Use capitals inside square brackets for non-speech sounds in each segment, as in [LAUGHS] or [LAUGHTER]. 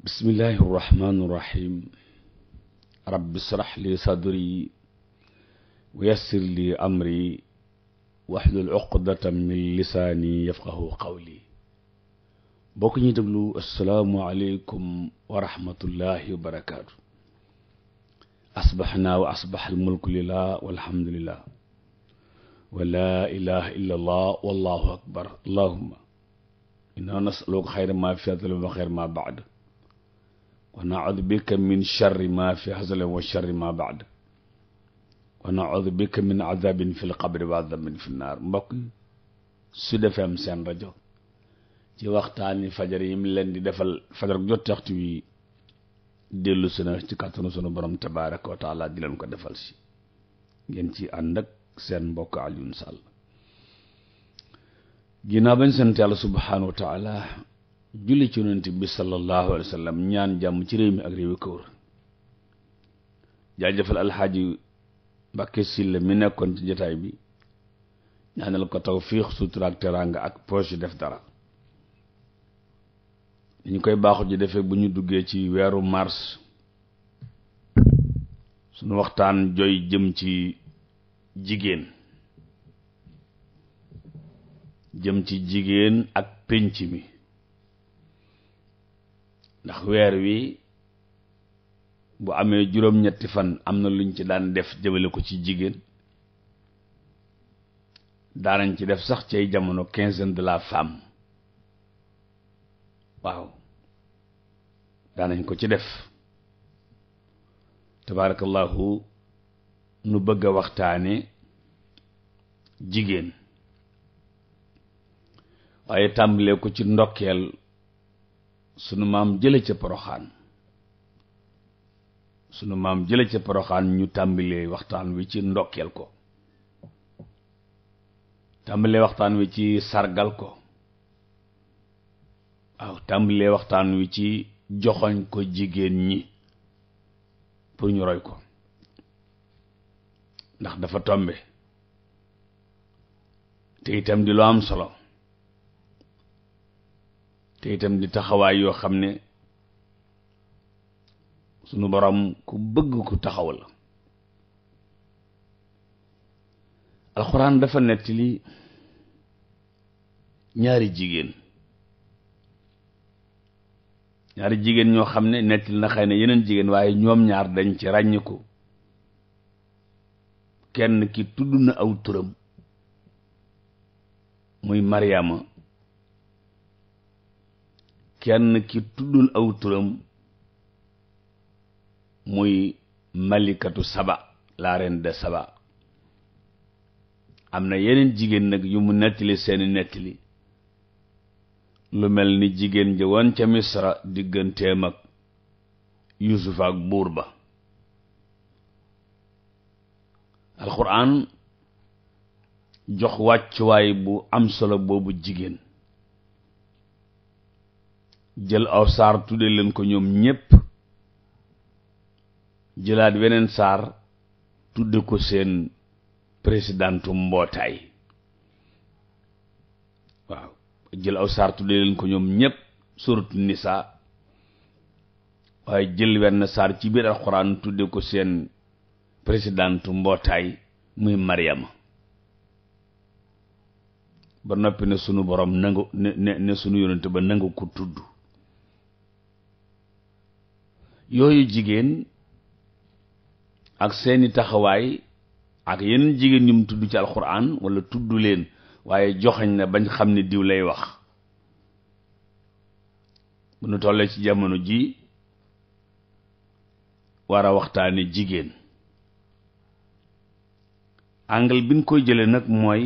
bismillahi irrahmani irrahim rabbi israh li sadri wa yassir li amri waxlul uqdatan min lisaani yafqahu qawli bokk ñuy déglu asalaamualeykum wa rahmatullahi wa barakaatu asbaxnaa wa asbax almulku lillah walhamdulillah wa laa ilaha illa allah wallahu akbar allahuma inna nasaluka xayra ma fi hadal wa xayra ma baad wa naudu bika min charri ma fi hasale wa charri ma baad wa naudu bika min azabin fi lqabri wa azabin fi naar mbokk Sud FM seen rajo ci waxtaani fajar yi mu leen di defal fajar jot waxtu wi dellu si na ci kàttanu sunu borom tabaaraka wa taala di leen ko defal si ngeen ci ànd ak seen mbokk Alioune Sall ginnaaw bañ sant yàlla subhaanahu wa taala julli ci bi sallallahu alayhi wa ñaan jàmm ci mi ak réewi kawr jaajëfal alxaaji Mbàkke Silla mi nekkoon ci jotaay bi ñaanal ko tawfiix sutura ak teraanga ak poche def dara ñu koy baaxu ji defee bu ñu duggee ci weeru mars sunu waxtaan joy jëm ci jigéen jëm ci jigéen ak penc mi ndax weer wi bu amee juróom-ñetti fan am na luñ ci daan def jëmale ko ci jigéen daanañ ci def sax cay jamono quinzaine de la femme waaw daanañ ko ci def tabarakallahu nu bëgg a waxtaane jigéen waaye tàmbalee ko ci ndokkeel sunu maam jële ca poroxaan sunu maam jële ca poroxaan ñu tàmbalee waxtaan wi ci ndokkeel ko tàmbalee waxtaan wi ci sargal ko waaw tàmbalee waxtaan wi ci joxoñ ko jigéen ñi pour ñu roy ko ndax dafa tombe te itam di lu am solo te itam di taxawaay yoo xam ne sunu borom ku bëgg ku taxaw la alxuraan dafa nettali ñaari jigéen ñaari jigéen ñoo xam ne nettali na xëy na yeneen jigéen waaye ñoom ñaar dañ ci ràññiku kenn ki tudd na aw turam muy Mariama kenn ki tuddul aw turam muy malikatu saba la reine saba am na yeneen jigéen nag yu mu nettali seeni nettali lu mel ni jigéen ja woon ca misra digganteem ak yusuf buur ba alxuraan jox wàccuwaay bu am solo boobu jigéen jël aw saar tudde leen ko ñoom ñépp jëlaat weneen saar tudde ko seen présidentu mbootaay waaw aw saar ko ñoom ñépp suratu waaye jël wenn saar ci biir alxuraan tudde ko seen présidentu mbootaay muy Maryama ba noppi ne sunu boroom nangu ne ne sunu yonente ba nangu ko tudd yooyu jigéen ak seeni taxawaay ak yeneen jigéen ñum tudd ci alxuraan wala tudd leen waaye joxañ na bañ xam ne diw lay wax bu nu tollee ci jamono ji wara a waxtaane jigéen angle bi ñu koy jële nag mooy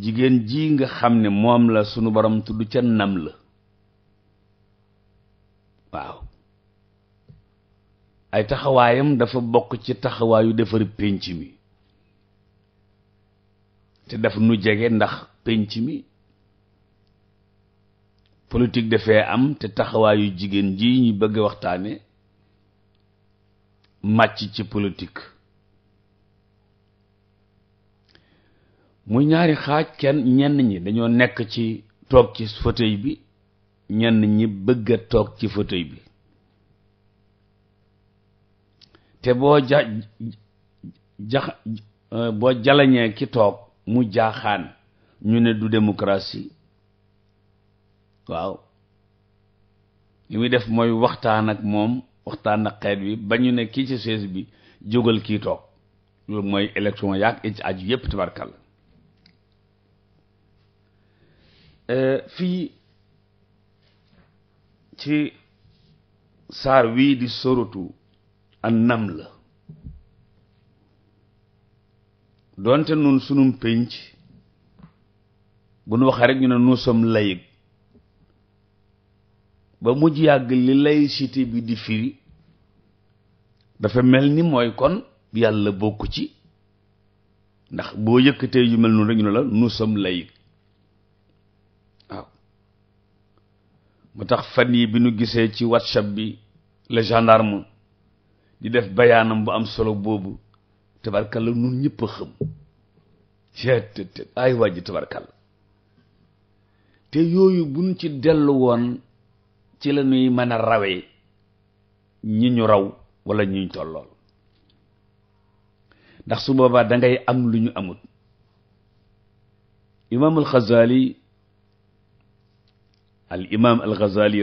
jigéen ji nga xam ne moom la sunu borom tudd ca nam la ay taxawaayam dafa bokk ci taxawaayu defar pénc mi te daf nu jege ndax pénc mi politik dafee am te taxawaayu jigéen ji ñu bëgg waxtaane màcc ci politik muy ñaari xaaj kenn ñenn ñi dañoo nekk ci toog ci fauteuil bi ñenn ñi bëgg toog ci fauteuil bi te boo ja jax eh, boo jalañee ki toog mu jaaxaan ñu ne du démocratie waaw li muy def mooy waxtaan ak moom waxtaan ak xeet wi ba ñu ne kii ci chaise bi jógal kii toog loolu mooy élection yaag it aju yépp tabarkal eh, fii ci saar wii di sorotu anam la doonte nun sunum pénc bu nu waxee rek ñu ne nous sommes ba mujj yàgg li lay laïcité bi di firi dafa mel ni mooy kon yàlla bokk ci ndax boo yëkkatee yu mel noonu rek ñu ne la nous sommes moo tax fan yi bi nu gisee ci whatsapp bi le gendarme di def bayaanam bu am solo boobu tabarkalla nun ñëpp a xam ceet ay wàjji tabarkalla te yooyu buñ ci dellu woon ci la ñuy mën a rawee ñi ñu raw wala ñi ñu tollool ndax su boobaa da am lu ñu amut imaam al-Ghazali al imaam al-Ghazali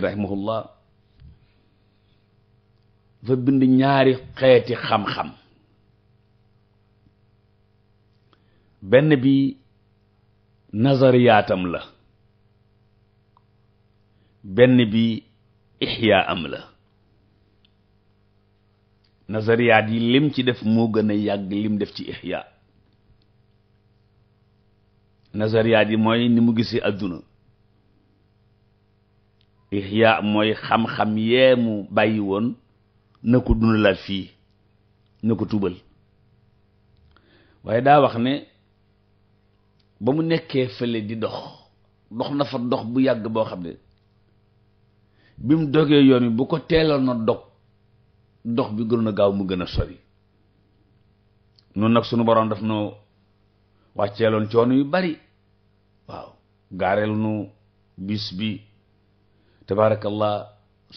dafa bind ñaari xeeti xam-xam benn bi nazariyaatam la benn bi ixyaa am la nazariyaat yi lim ci def moo gën a yàgg lim def ci ixyaa nazariyaat yi mooy ni mu gisee àdduna ixyaa mooy xam-xam yee mu bàyyi woon na ko dundalaat fii na ko tuubal waaye daa wax ne ba mu nekkee fële di dox dox na fa dox bu yàgg boo xam ne bi mu dogee yoon wi bu ko teeloon na dog dox bi gën a gaaw mu gën a sori noon nag sunu boroom daf noo wàcceeloon coono yu bari waaw gaareel nu bis bi tabaarakallah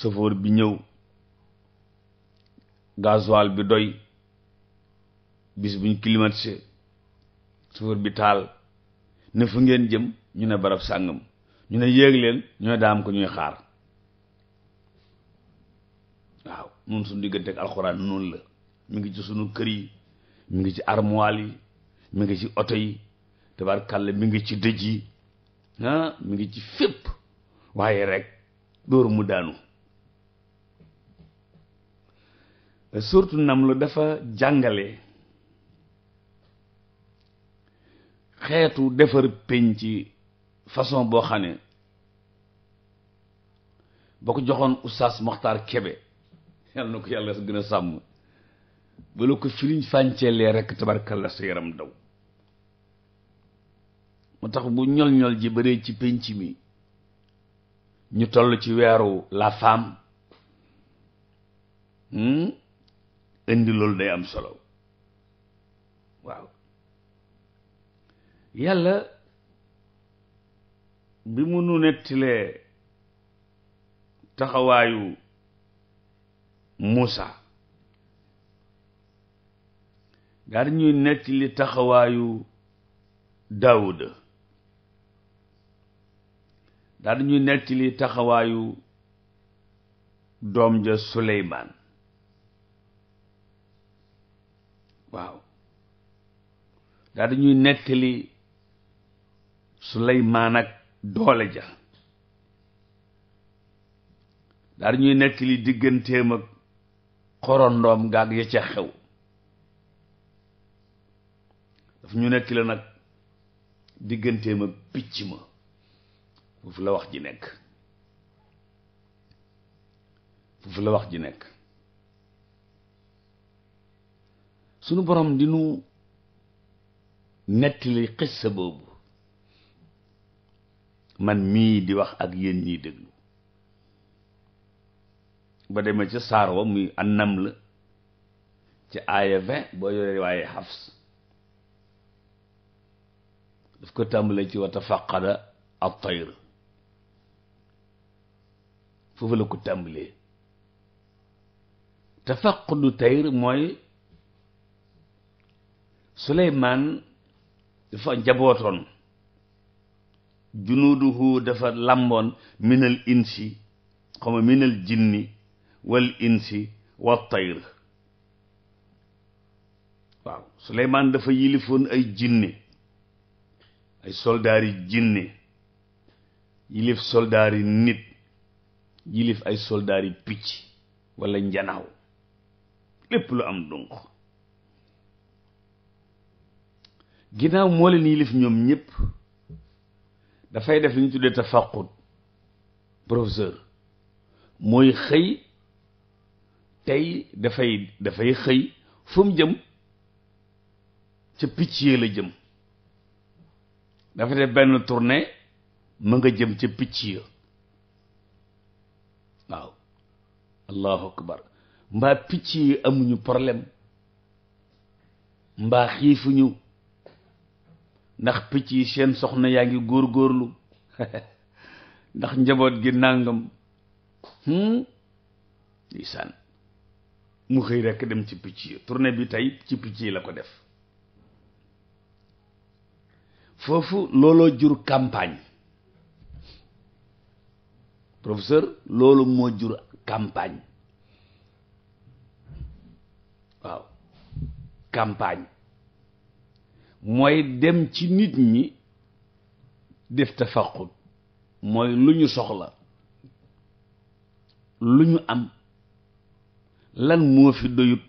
safoor bi ñëw gasoil bi doy bis buñ climatisé chauffeur bi taal ne fu ngeen jëm ñu ne barab sàngam ñu ne yéeg leen ñu ne ko ñuy xaar waaw nun suñu diggante ak alxuraan noonu la mu ngi ci sunu kër yi mu ngi ci armoire yi mi ngi ci oto yi tabarkàlla mi ngi ci dëj yi ah mi ngi ci fépp waaye rek dóor mu daanu surtout Naml dafa jàngale xeetu defar peñ ci façon boo xam ne ba ko joxoon oustaz Mokhtar Kebe yàlla na ko yàlla gën a sàmm ba la ko firiñ fànceelee rekk tabarkalla sa yaram daw mu tax bu ñol ñol ji bëree ci penc mi ñu toll ci weeru la femme hmm? indi loolu day am solo waaw yàlla bi mu nu nettilee taxawaayu Muusa daal ñuy nettali taxawaayu Daawuda daal ñuy nettali taxawaayu doom ja Suleymaan waaw daal dañuy nettali Suleymaan ak doole ja daal dañuy nettali digganteem ak xorondoom gaag ya ca xew daf ñu nettali nag digganteem ak picc ma foofu la wax ji nekk foofu la wax ji nekk sunu borom di nu nettali xissa boobu man mii di wax ak yéen ñiy déglu ba demee ca saar wa muy annam la ci aaya vingt boo yoree waaye xafs daf ko tàmbalee ci wata faqada at tayr foofu la ko tàmbalee tafaqudu tayr mooy suleymaan dafa jabootoon junuuduhu dafa làmboon minal insi xawma minal jinni wal insi wa tayr waaw suleymaan dafa yilifoon ay jinne ay soldaar yi jinne yilif soldaar nit yilif ay soldaar picc wala njanaaw lépp lu am dunq ginnaaw moo leen yilif ñoom ñëpp dafay def li ñu tuddee tafaqud professeur mooy xëy tey dafay dafay xëy fu jëm ca picc ya la jëm dafa def benn tournée ma nga jëm ca picc ya waaw allahu akbar mbaa picc yi amuñu problème mbaa xiifuñu ndax picc yi seen soxna yaa ngi góorlu [LAUGHS] ndax njaboot gi nàngam lisaan hmm? mu xëy rekk dem ci picc yi tournée bi tey ci picc yi la ko def foofu looloo jur campagne professeur loolu moo jur campagne waaw campagne mooy dem ci nit ñi def tafaqud mooy lu ñu soxla lu ñu am lan moo fi doyut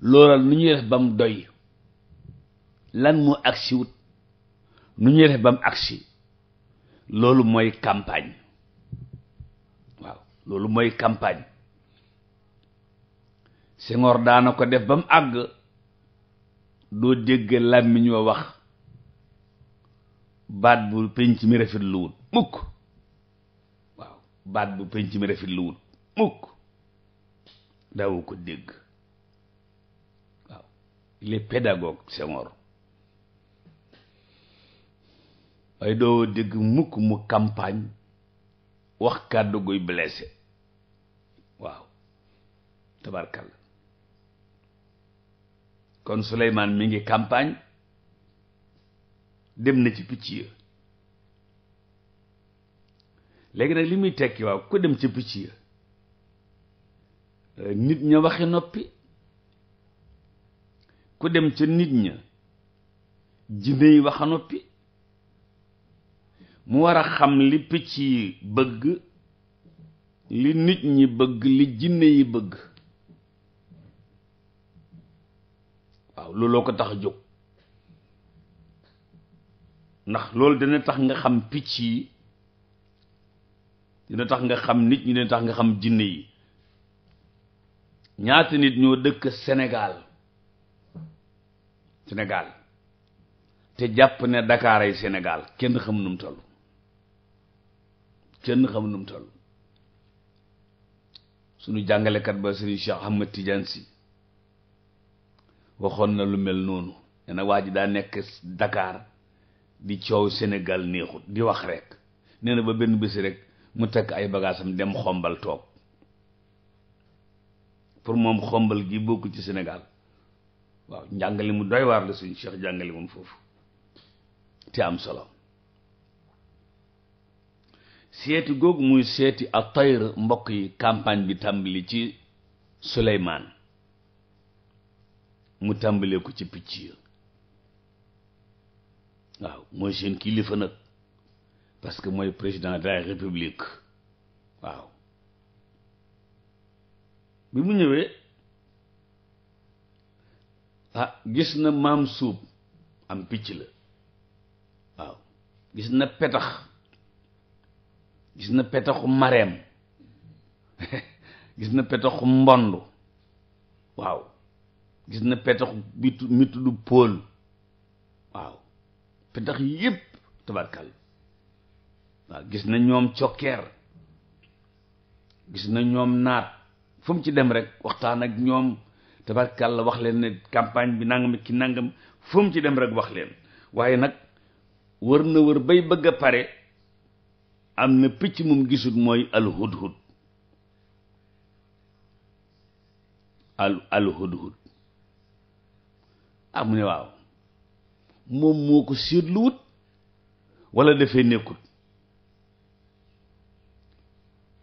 loolal nu ñuy def ba doy lan moo agsi wut nu ñuy def ba mu agsi loolu mooy campagne waaw loolu mooy campagne Senghor daana ko def ba àgg doo dégg làmmiñ wa wax baat bu penc mi rafet luwul mukk waaw baat bu penc mi rafet luwul mukk daawu ko dégg waaw il est pédagogue waaye doo dégg mukk mu campagne wax kàddu guy blessé waaw tabarkalla kon Suleymaan mi ngi campagne dem na ci picc ya léegi nag li muy tekki waaw ku dem ca picc ya euh, nit ña waxi noppi ku dem ca nit ña jinne yi waxa noppi mu war a xam li picc yi bëgg li nit ñi bëgg li jinne yi bëgg waaw looloo ko tax a jóg ndax loolu dina tax nga xam picc yi dina tax nga xam nit ñi dina tax nga xam jinne yi ñaata nit ñoo dëkk Sénégal Sénégal te jàpp ne Dakar ay Sénégal kenn xam nu mu kenn xam nu mu toll sunu jàngalekat ba Serigne Cheikh Ahmed Tidiane Sy waxoon na lu mel noonu nee waa ji daa nekk Dakar di coow senegal neexut di wax rekk nee ba benn bés rek mu takk ay bagaasam dem xombal toog pour moom xombal gi bokk ci Sénégal waaw njàngale mu doy waar la suñu Cheikh jàngale moom foofu te am solo seeti googu muy seeti a tayr mbokk yi campagne bi tàmbali ci Souleymane mu tàmbalee ko ci picc ya waaw mooy seen kilifa nag parce que mooy président de la république waaw bi mu ñëwee ah gis na maam suub am picc la waaw gis na petax gis na petaxu mareem [LAUGHS] gis na petaxu mbond waaw gis na petax bi mi tudd Paul waaw petax yépp tabarkal waaw gis na ñoom cokkeer gis na ñoom naat fu mu ci dem rek waxtaan ak ñoom tabarkal la wax leen ne campagne bi nangam ki nangam fu mu ci dem rek wax leen waaye nag wër na wër bay bëgg pare am na picc mum gisul mooy alhudhud al alhudhud ah mu ne waaw moom moo ko seetluwut wala dafay nekkut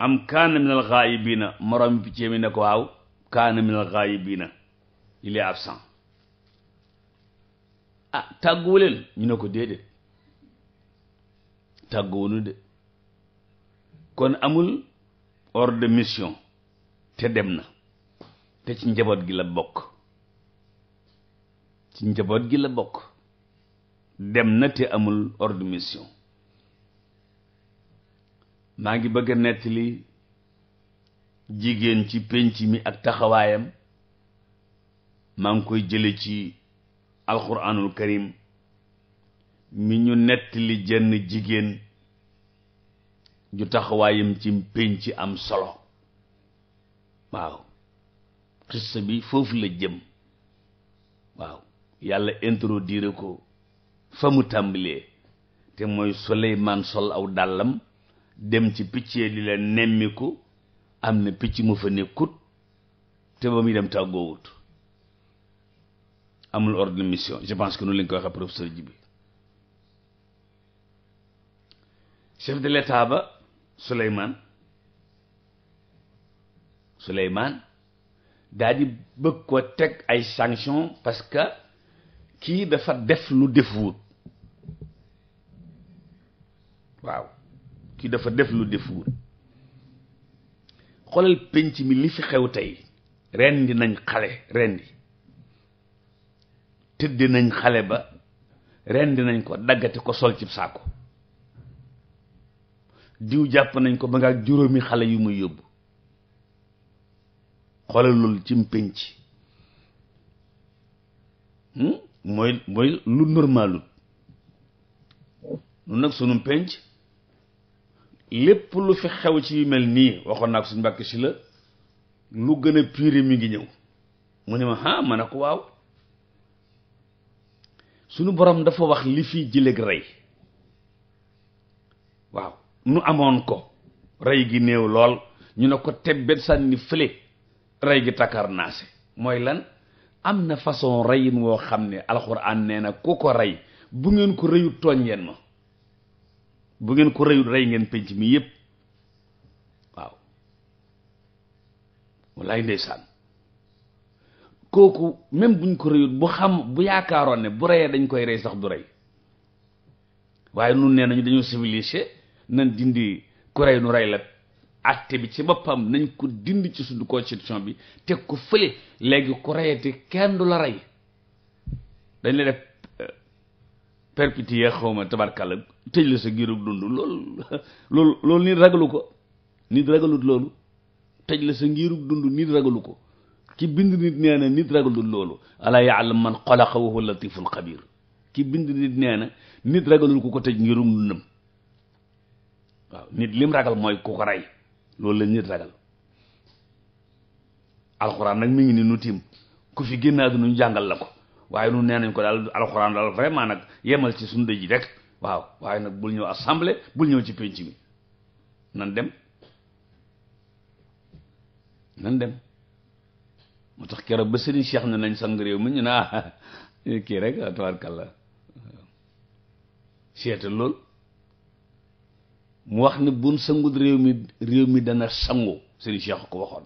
am kaana min al ghaibina moroom bi picc mi ne ko waaw kaana min bii na il est absent ah tàgguwu leen ñu ne ko déedéet tàgguwunu de kon amul ordre de mission te dem na te ci njaboot gi la bokk ci njaboot gi la bokk dem na te amul ordre de maa ngi bëgg a nettali jigéen ci pénc mi ak taxawaayam maa ngi koy jële ci alquranul karim mi ñu nettali jenn jigéen ju taxawaayam ci pénc am solo waaw xissa bi foofu la jëm waaw yàlla introduire ko fa mu tàmbalee te mooy Suleymaan sol aw dàllam dem ci picc yi di la nemmiku am na picc mu fa nekkut te ba muy dem tàggoowut amul ordre de mission je pense que nu lañ ko waxee professeur ji bi chef de l'état ba Souleymane Souleymane daal di bëgg ko teg ay sanctions parce kii dafa def lu defuwut waaw kii dafa def lu defuwut xoolal penc mi li fi xew tey rendi nañ xale rendi tëddi nañ xale ba rendi nañ ko daggate ko sol ci saako diw jàpp nañ ko ba nga ak juróomi xale yu muy yóbbu xoolal loolu cim penc hmm? mooy mooy lu normalut nun nag sunum penc lépp lu fi xew ci yu mel nii waxoon nag ko suñ mbàkk si la lu gën a pire mi ngi ñëw mu ne ma ah ma ne ko waaw sunu borom dafa wax li fi jëleg rey waaw nu amoon ko rey gi néew lool ñu ne ko tebbet sànni fële rey gi takkaar naase mooy lan am na façon reyin woo xam ne alxuraan nee na ku ko rey bu ngeen ko reyut tooñ ngeen ma bu ngeen ko reyut rey ngeen penc mi yépp waaw wallaay ndeysaan kooku même buñ ko reyut bu xam bu yaakaaroon ne bu reyee dañ koy rey sax du rey waaye nun nee nañu dañu civilisé nan dindi ku rey nu rey la atte bi ci boppam nañ ko dind ci suñu constitution bi teg ko fële léegi ku reyati kenn du la rey dañ la def euh, perpétuer xawma tabarkàlla tëj la sa giirug dund loolu ragalu ko nit ragalut loolu tëj la sa ngiirug dund nit ragalu ko ki bind nit nee na nit ragalut loolu alaa ya'lam man ki bind nit nee na nit ko tëj ngirum dundam waaw nit lim ragal mooy ku ko rey loolu la nit ragal alxuraan nag mi ngi ni nu tiim ku fi génn àdduna ñu jàngal la ko waaye nu nee nañ ko daal alxuraan daal vraiment nag yemal ci suñu dëj yi rek waaw waaye nag bul ñëw assemblée bul ñëw ci penc mi nan dem nan dem moo tax keroog ba sëriñ Cheikh na nañ sang réew mi ñu naa ah, kii rek tubaarkàlla seetal lool mu wax ni buñ sangut réew mi réew mi dana sangu sëriñ Cheikh ko waxoon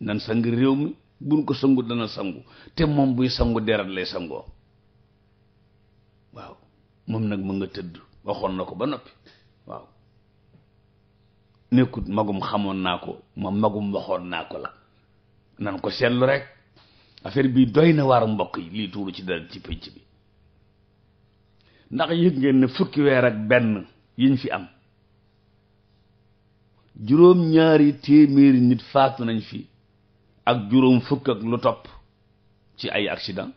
nan sang réew mi bun ko sangut dana sangu te moom buy sangu deret lay sangoo waaw moom nag mën nga tëdd waxoon na ko ba noppi waaw nekkut magum xamoon naa ko ma magum waxoon naa ko la nan ko seetlu rek affaire bii doy na waar mbokk yi lii tuuru ci dara ci pénc bi ndax yëg ngeen ne fukki weer ak benn yiñ fi am juróom ñaari téeméeri nit faatu nañ fi ak juróom fukk ak lu topp ci ay accident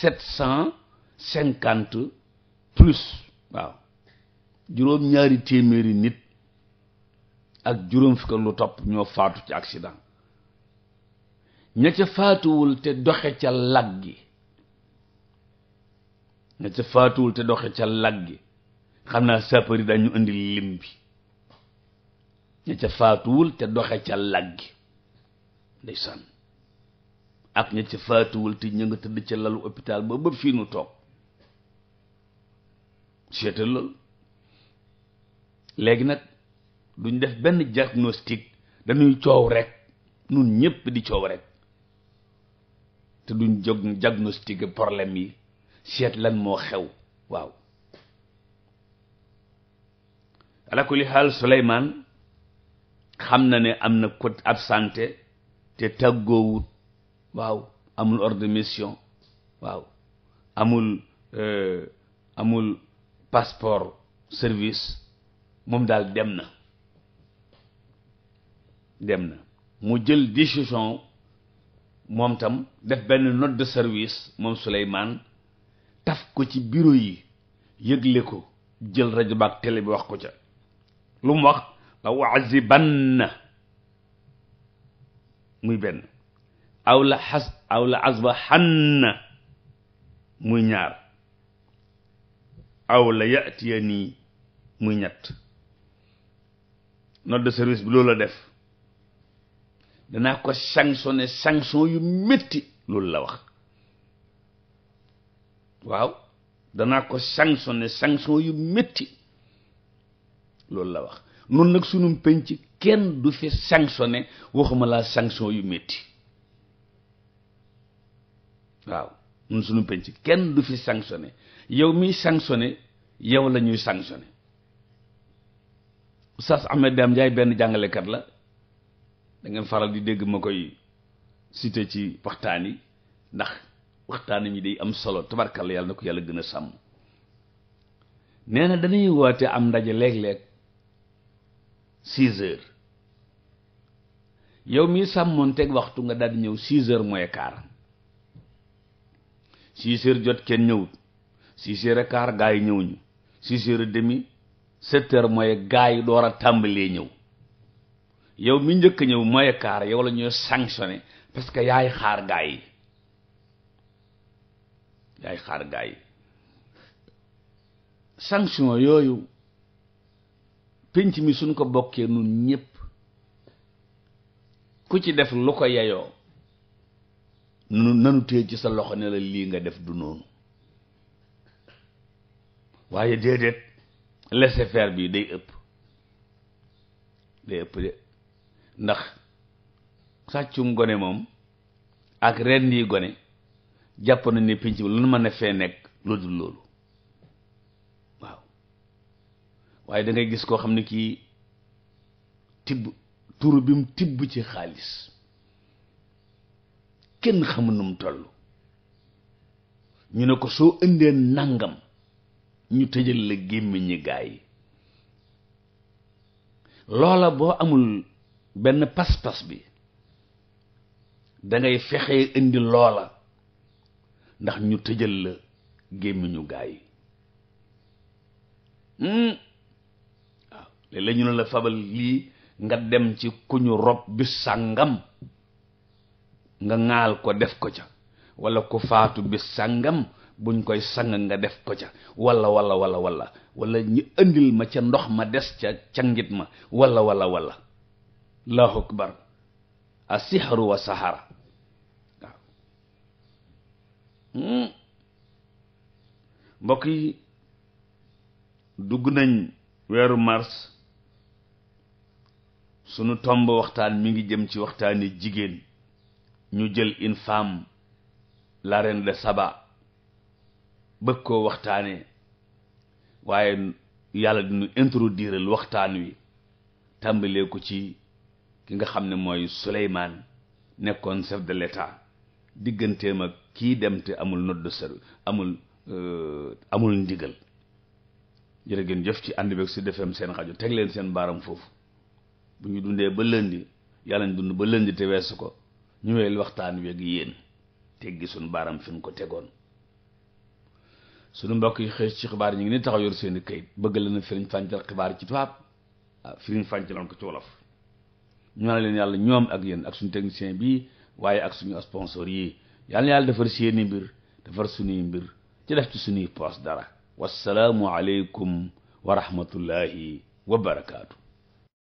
sept cent cinquante plus waaw juróom ñaari téeméeri nit ak juróom fukk ak lu topp ñoo faatu ci accident ña ca faatuwul te doxe ca lag gi nga ca faatuwul te doxe ca gi xam naa sapari dañu indi lim bi ña ca faatuwul te doxe ca laggi ndeysaan ak ña ca faatuwul te ñu nga tëdd ca lalu hôpital ba ba fii nu toog seetal loolu léegi nag duñ def benn diagnostic dañuy coow rek nun ñépp di coow rek te duñ jog diagnostique problème yi seet lan moo xew waaw ala kulli xaal Suleymaan xam na ne am na ko absenté te tàggoowut waaw amul ordre mission waaw amul euh, amul passeport service moom daal dem na dem na mu jël décision moom tam def benn note de service moom Souleymane taf ko ci bureau yi yëgle ko jël rajo baak télé bi wax ko ca lu mu wax la wazibanna muy benn aw la xas aw la muy ñaar aw la yatiya muy ñett note de service bi loolu la def danaa ko sanctionné sanction yu métti loolu la wax waaw danaa ko sanctionné sanction yu metti loolu la wax noonu nag sunum penc kenn du fi sanctionné waxuma laa sanction yu metti waaw ñun sunu penc kenn du fi sanctionné yow miy sanctionné yow lañuy ñuy sanctionné Oustaz Ahmed Dame Ndiaye benn jàngalekat la dangeen faral di dégg ma koy cité ci waxtaan yi ndax waxtaan mi day am solo tabarkalla yàlla na ko yàlla gën a sàmm nee na dañuy woote am ndaje léeg-léeg six heures mi sàmmoon teg waxtu nga daal ñëw six heures mooy quart six heures jot kenn ñëwut six heures et quart gaa yi ñëw ñu six heures et demi sept heures mooy gaa yi door a tàmbalee ñëw yow mi njëkk ñëw mooy quart yow la ñuy sanctionné parce que yaay xaar gaa yi yaay xaar gaay sanction yooyu pénc mi suñ ko bokkee nun ñépp ku ci def lu ko yayoo nu nanu téye ci sa loxo ne la lii nga def du noonu waaye déedéet laisser-faire bi day ëpp day ëpp de ndax sàccum gone moom ak rendi gone jàpp nañ ne pénc bi lu mën a fee nekk lu dul loolu waaw waaye da gis koo xam ne kii tibb turu bi mu tibb ci xaalis kenn xamul tollu ñu ne ko soo indee nangam ñu tëjal la gémmiñi gaa yi loola boo amul benn pas-pas bi da ngay fexe indi loola ndax ñu tëjal la gémmiñu gaay yi hmm? ah, la fabal lii nga dem ci ku ñu rob bi sàngam nga ŋaal ko def ko ca walla ko faatu bi sàngam buñ koy sang nga def ko ca walla wala wala wala wala ñu andil ma ca ndox ma des ca ca ngit ma walla walla wala allahu akbar asihru wa Hmm. mbokk yi dugg nañ weeru mars sunu tomb waxtaan mi ngi jëm ci waxtaani jigéen ñu jël une femme la reine Saba bëgg ko waxtaanee waaye yàlla dinu introduire waxtaan wi tàmbalee ko ci ki nga xam ne mooy Souleymane nekkoon chef de l'État digganteem ak kii dem te amul nodd ser amul euh, amul ndigal jërë jëf ci ànd beeg si defem seen rajo teg leen seen baaram foofu bu ñu dundee ba lëndi yàlla ñu dund ba lëndi te weesu ko ñu wel waxtaan weeg yéen teggi suñu baaram fi ko tegoon suñu mbokk yi xëy ci xibaar ñu ngi ni taxaw yor seeni kayit bëgg leen na firiñ fàncal xibaar ci tubaab ah firiñ fàncaloon ko ci wolof ñu leen yàlla ñoom ak yéen ak suñu technicien bii waaye ak suñu sponsor yi yal na yàlla defar seeni mbir defar suñuy mbir ci def ci suñuy poos dara wassalaamu aleykum wa rahmatullahi wa barakaatu